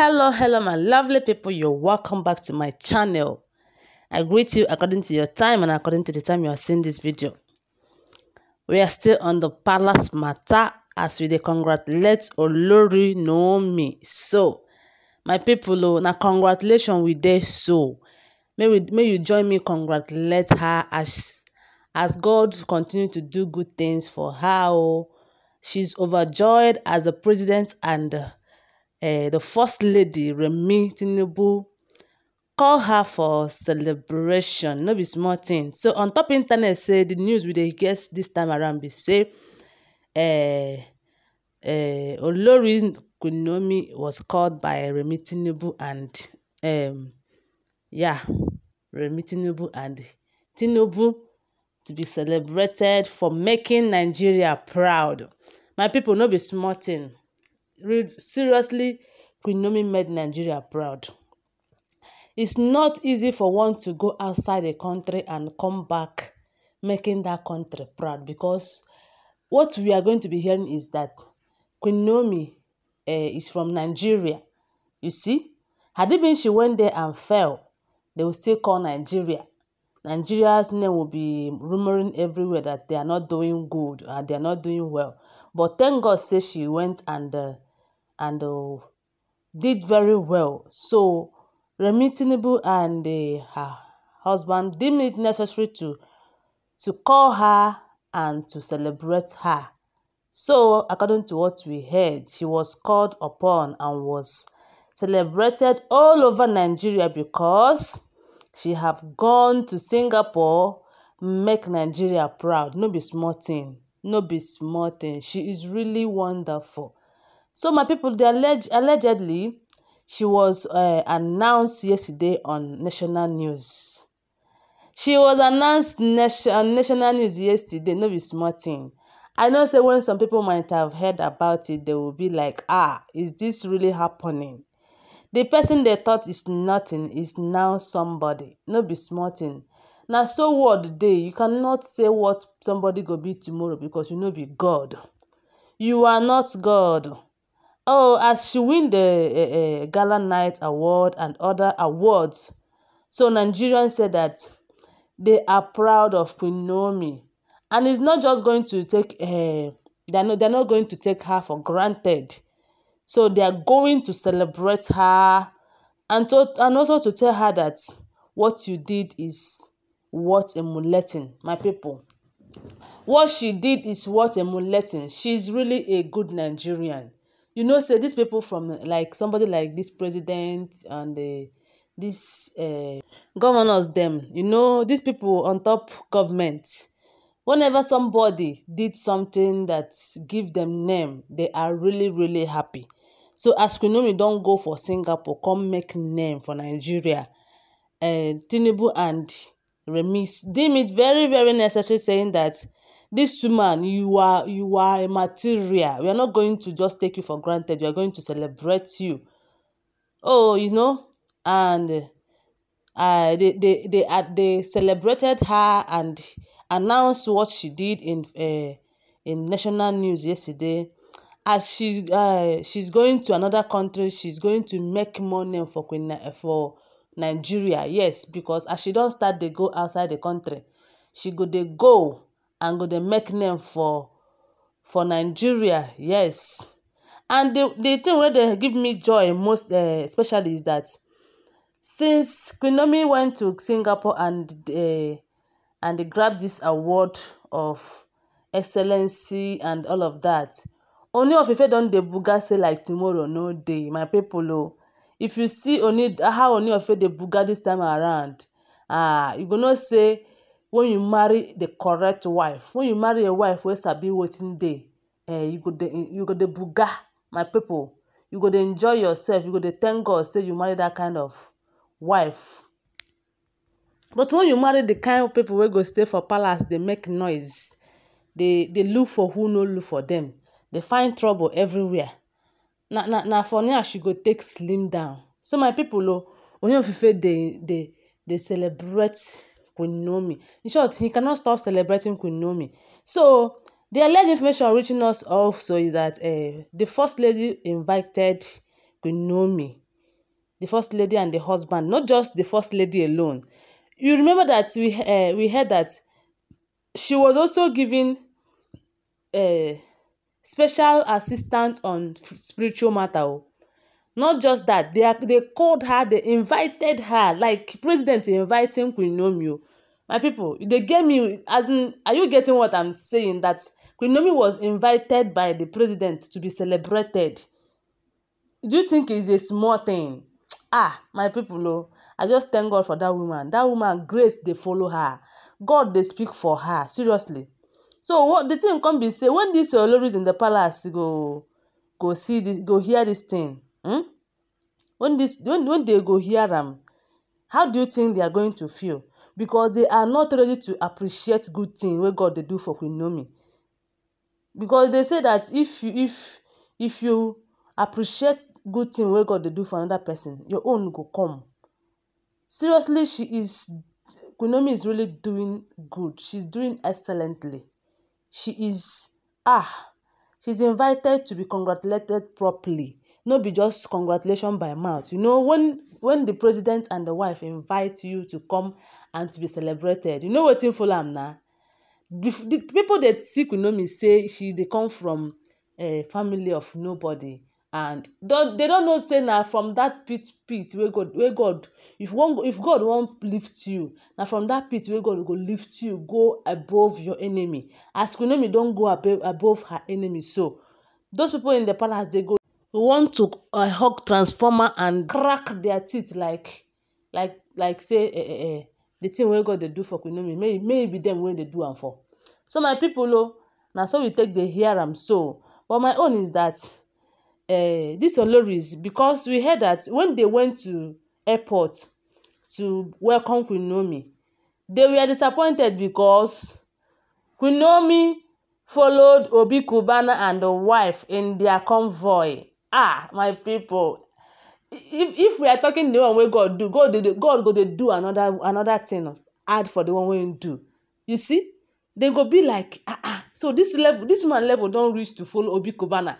hello hello my lovely people you're welcome back to my channel i greet you according to your time and according to the time you are seeing this video we are still on the palace matter as we dey congratulate olori naomi so my people oh na congratulation we dey so may we may you join me congratulate her as as god continue to do good things for her oh she's overjoyed as the president and uh, the First Lady Remi Tinubu call her for celebration no be small tin so on top internet say the news with the guest this time around be say uh, uh, olori kunomi was called by remi tinubu and um, yeah remi tinubu and tinubu to be celebrated for making nigeria proud my people no be small tin seriously, Queen made Nigeria proud. It's not easy for one to go outside the country and come back making that country proud because what we are going to be hearing is that Queen uh, is from Nigeria. You see, had it been she went there and fell, they will still call Nigeria. Nigeria's name will be rumoring everywhere that they are not doing good and they are not doing well. But thank God, say she went and uh, and uh, did very well. So Remi and uh, her husband deemed it necessary to to call her and to celebrate her. So, according to what we heard, she was called upon and was celebrated all over Nigeria because she have gone to Singapore, make Nigeria proud. No be small thing. No be small thing. She is really wonderful. So my people, they alleged allegedly, she was uh, announced yesterday on national news. She was announced nation, national news yesterday, no be small thing. I know say when some people might have heard about it, they will be like, ah, is this really happening? The person they thought is nothing is now somebody. No be small thing. Now so what day You cannot say what somebody go be tomorrow because you know be God. You are not God. Oh, as she win the uh, uh, Gala Night Award and other awards. So Nigerians said that they are proud of Queen And it's not just going to take, uh, they're, not, they're not going to take her for granted. So they are going to celebrate her and, to, and also to tell her that what you did is what emulating, my people. What she did is what emulating. She's really a good Nigerian. you know say these people from like somebody like this president and uh, dis uh, governors them. you know these people on top government whenever somebody did something that give them name they are really really happy so as we know, we don't go for singapore come make name for nigeria uh, tinubu and remi deem it very very necessary saying that this woman you are you are a material we are not going to just take you for granted we are going to celebrate you oh you know and uh, they they they uh, they celebrated her and announced what she did in uh, in national news yesterday as she uh, she's going to another country she's going to make money for queen for nigeria yes because as she don't start they go outside the country she go they go and go dey make name for for nigeria yes. And the, the thing wey dey give me joy most um especially is that since Queen Naomi went to Singapore and um and they grab this award of excellency and all of that, Ooni of Ife don dey buga say like tomorrow no dey my people Oh, If you see Ooni how Ooni of Ife dey buga this time around, ah you go know say when you marry the correct wife when you marry a wife wey sabi wetin dey Eh, you go dey you go dey buga my people. you go dey enjoy yourself you go dey thank God say you marry that kind of wife but when you marry the kind of people wey go stay for palace dey make noise dey dey look for who no look for them. dey find trouble everywhere na na na for now she go take slim down so my people, o oh, Ooni of Ife dey dey dey celebrate Queen Naomi. In short, he cannot stop celebrating Queen Naomi. So, the alleged information reaching us also is that uh, the First Lady invited Queen Naomi, the First Lady and the husband, not just the First Lady alone. You remember that we uh, we heard that she was also giving a eh, special assistance on spiritual matter oh. Not just that, they, are, they called her, they invited her, like President inviting Queen oh. My people, they gave me, as in, are you getting what I'm saying? That Queen was invited by the president to be celebrated. Do you think it's a small thing? Ah, my people, oh, I just thank God for that woman. That woman, grace, they follow her. God, they speak for her, seriously. So what the thing come be say, when this Olori is in the palace, go go see this, go hear this thing. Hmm? When, this, when, when they go hear them, how do you think they are going to feel? Because they are not ready to appreciate good thing where God they do for Queen Nomi. Because they say that if you if if you appreciate good thing where God they do for another person, your own go come. Seriously, she is Queen Nomi is really doing good. She's doing excellently. She is ah, she's invited to be congratulated properly not be just congratulation by mouth you know when when the president and the wife invite you to come and to be celebrated you know what? In am na the, the people that see kunomi say she they come from a eh, family of nobody and don't they don't know say now from that pit pit where god where god if one if god won't lift you now from that pit where god go lift you go above your enemy as kunomi don't go above, above her enemy so those people in the palace they go We want to uh, hug transformer and crack their teeth like like like say eh eh, eh the thing wey god dey do for queen may may be dem wey dey do am for so my people o oh, na so we take dey hear am so but my own is dat dis eh, olori is because we hear that when they went to airport to welcome queen they were disappointed because queen followed obi Kubana and the wife in their convoy ah my people if if we are talking the one wey god do god dey god go dey do another another thing add for the one wey him do you see They go be like ah ah so this level this woman level don reach to follow obi Kubana.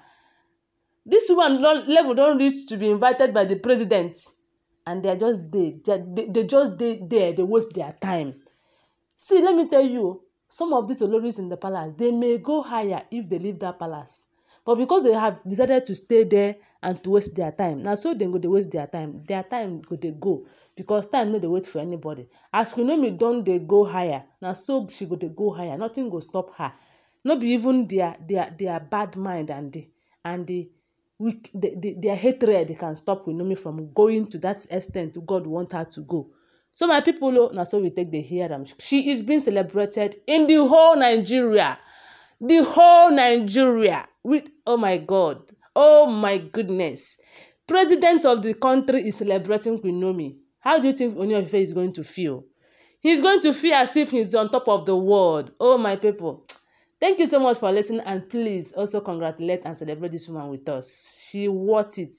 this woman don level don reach to be invited by the president and they are just dey they, they just dey there dey waste their time see let me tell you some of these oloris in the palace they may go higher if they leave that palace but because they have decided to stay there and to waste their time na so dem go dey waste their time their time go dey go because time no dey wait for anybody as kunomi don dey go higher na so she go dey go higher nothing go stop her no be even their their their bad mind and the and the weak the, the their hatred can stop kunomi from going to that extent god want her to go so my people o oh, na so we take dey hear am she is being celebrated in the whole nigeria the whole nigeria with oh my god oh my goodness president of the country is celebrating Queen Naomi how do you think Ooni of Ife is going to feel he's going to feel as if he's on top of the world oh my people thank you so much for listening and please also congratulate and celebrate this woman with us she worth it.